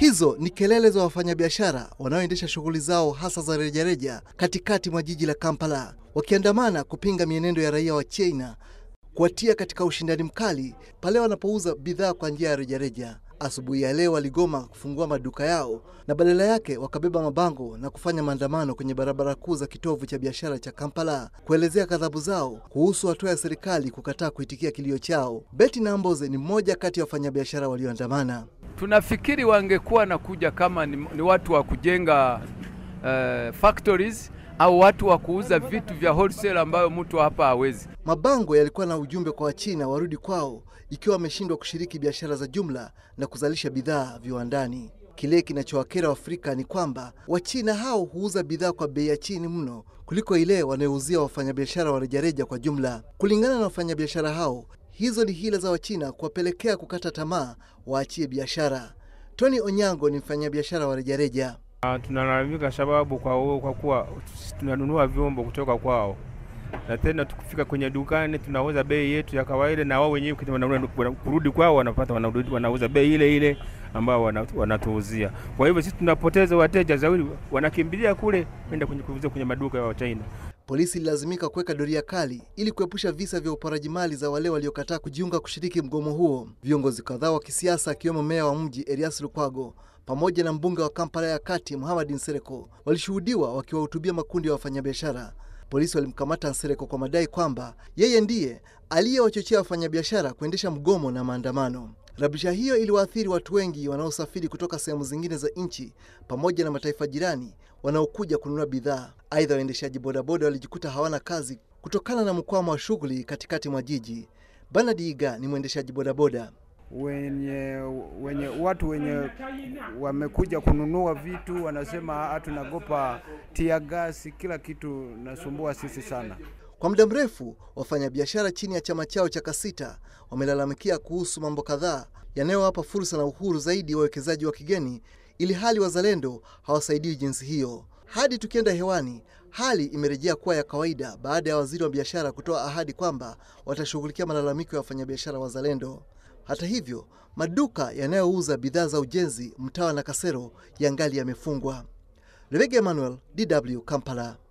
Hizo ni kelele za wafanyabiashara wanaoendesha shughuli zao hasa za rejareja katikati mwa jiji la Kampala, wakiandamana kupinga mienendo ya raia wa China kuwatia katika ushindani mkali pale wanapouza bidhaa kwa njia ya rejareja. Asubuhi ya leo waligoma kufungua maduka yao na badala yake wakabeba mabango na kufanya maandamano kwenye barabara kuu za kitovu cha biashara cha Kampala kuelezea ghadhabu zao kuhusu hatua ya serikali kukataa kuitikia kilio chao. Betty Namboze ni mmoja kati ya wafanyabiashara walioandamana tunafikiri wangekuwa na kuja kama ni, ni watu wa kujenga uh, factories au watu wa kuuza vitu vya wholesale ambayo mtu hapa hawezi. Mabango yalikuwa na ujumbe kwa Wachina warudi kwao ikiwa wameshindwa kushiriki biashara za jumla na kuzalisha bidhaa viwandani. Kile kinachowakera Waafrika ni kwamba Wachina hao huuza bidhaa kwa bei ya chini mno kuliko ile wanayouzia wafanyabiashara wa rejareja kwa jumla. Kulingana na wafanyabiashara hao, hizo ni hila za Wachina kuwapelekea kukata tamaa waachie biashara. Tony Onyango ni mfanyabiashara wa rejareja. Ah, tunalalamika sababu kwa, kwa kuwa tunanunua vyombo kutoka kwao na tena tukifika kwenye dukani tunauza bei yetu ya kawaida, na wao wenyewe kurudi kwao wanapata wanauza bei ile ile ambao wanatuuzia. Kwa hivyo sisi tunapoteza wateja zaidi, wanakimbilia kule kwenda kuuza kwenye maduka ya Wachina polisi ililazimika kuweka doria kali ili kuepusha visa vya uporaji mali za wale waliokataa kujiunga kushiriki mgomo huo. Viongozi kadhaa wa kisiasa akiwemo meya wa mji Erias Lukwago pamoja na mbunge wa Kampala ya Kati Muhammad Nsereko walishuhudiwa wakiwahutubia makundi ya wafanyabiashara. Polisi walimkamata Nsereko kwa madai kwamba yeye ndiye aliyewachochea wafanyabiashara kuendesha mgomo na maandamano. Rabsha hiyo iliwaathiri watu wengi wanaosafiri kutoka sehemu zingine za nchi pamoja na mataifa jirani wanaokuja kununua bidhaa. Aidha, waendeshaji bodaboda walijikuta hawana kazi kutokana na mkwamo wa shughuli katikati mwa jiji. Bernard Iga ni mwendeshaji bodaboda. Wenye, wenye watu wenye wamekuja kununua vitu wanasema hatunagopa ah, tia gasi, kila kitu nasumbua sisi sana. Kwa muda mrefu wafanyabiashara chini ya chama chao cha Kasita wamelalamikia kuhusu mambo kadhaa yanayowapa fursa na uhuru zaidi wawekezaji wa kigeni, ili hali wazalendo hawasaidii jinsi hiyo. Hadi tukienda hewani, hali imerejea kuwa ya kawaida baada ya waziri wa biashara kutoa ahadi kwamba watashughulikia malalamiko ya wafanyabiashara wazalendo. Hata hivyo, maduka yanayouza bidhaa za ujenzi Mtawa na Kasero yangali yamefungwa. Rebeka Emmanuel, DW, Kampala.